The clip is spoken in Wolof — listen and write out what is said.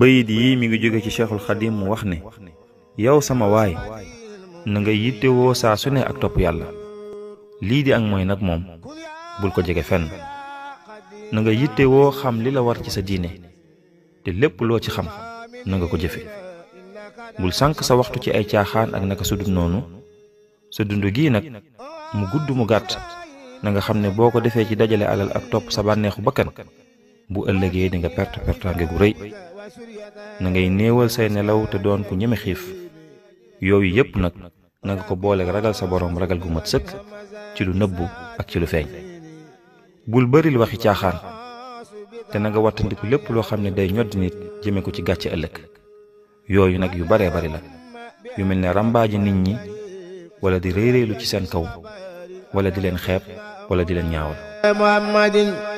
bayit yi mi ngi jóge ci cheikhul xadim mu wax ne yow sama waay na nga yittewoo saa su ne ak topp yàlla lii di ak mooy nag moom bul ko jege fenn na nga woo xam li la war ci sa diine te lépp loo ci xam na nga ko jëfe bul sànq sa waxtu ci ay caaxaan ak naka sudut noonu sa dund gii nag mu gudd mu gàtt na nga xam ne boo ko defee ci dajale alal ak topp sa bànneexu bakkan bu ëllëgee di nga perte pertaange gu rëy na ngay néewal say nelaw te doon ku ñeme xiif yooyu yépp nag na nga ko booleeg ragal sa boroom ragal gu mat sëkk ci lu nëbbu ak ci lu feeñ bul bëril waxi caaxaan te na nga wattandiku lépp loo xam ne day ñoddi nit jëme ko ci gàcce ëllëg yooyu nag yu baree bari la yu mel ne ràmbaaji nit ñi wala di réyréylu ci seen kaw wala di leen xeeb wala di leen ñaawal